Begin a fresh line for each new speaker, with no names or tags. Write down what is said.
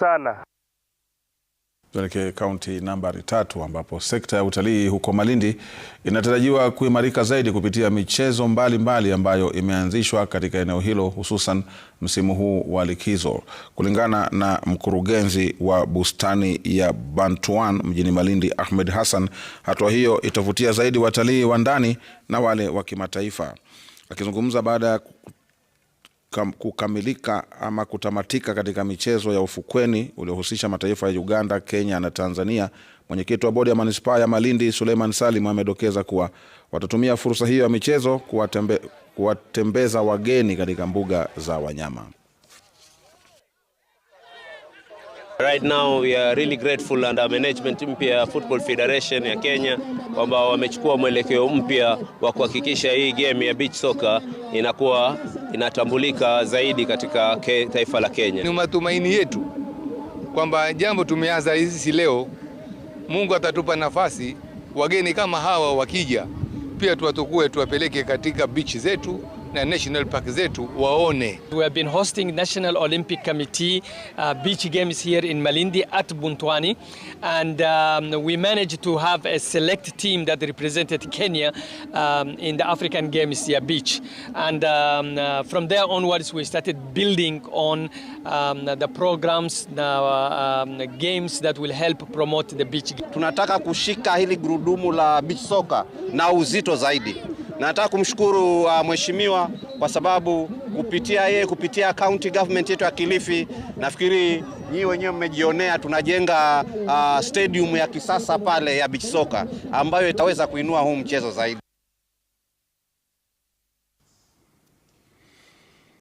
sana. Tuelekee kaunti nambari tatu ambapo sekta ya utalii huko Malindi inatarajiwa kuimarika zaidi kupitia michezo mbalimbali mbali ambayo imeanzishwa katika eneo hilo hususan msimu huu wa likizo. Kulingana na mkurugenzi wa bustani ya Bantuan mjini Malindi, Ahmed Hassan, hatua hiyo itavutia zaidi watalii wa ndani na wale wa kimataifa. Akizungumza baada ya kukamilika ama kutamatika katika michezo ya ufukweni uliohusisha mataifa ya Uganda, Kenya na Tanzania, mwenyekiti wa bodi ya manispaa ya Malindi Suleiman Salim amedokeza kuwa watatumia fursa hiyo ya michezo kuwatembe, kuwatembeza wageni katika mbuga za wanyama.
Right now we are really grateful under management mpya ya Football Federation ya Kenya kwamba wamechukua mwelekeo mpya wa kuhakikisha hii game ya beach soccer inakuwa inatambulika zaidi katika ke, taifa la Kenya.
Ni matumaini yetu kwamba jambo tumeanza hizi leo, Mungu atatupa nafasi, wageni kama hawa wakija, pia tuwatukue, tuwapeleke katika bichi zetu na national park zetu waone.
We have been hosting National Olympic Committee uh, beach games here in Malindi at Buntwani and um, we managed to have a select team that represented Kenya um, in the African Games here beach and um, uh, from there onwards we started building on um, the programs the uh, um, games that will help promote the beach.
Tunataka kushika hili gurudumu la beach soccer na uzito zaidi na nataka kumshukuru uh, mheshimiwa kwa sababu kupitia yeye, kupitia county government yetu ya Kilifi, nafikiri nyinyi wenyewe mmejionea tunajenga uh, stadium ya kisasa pale ya beach soccer ambayo itaweza kuinua huu mchezo zaidi.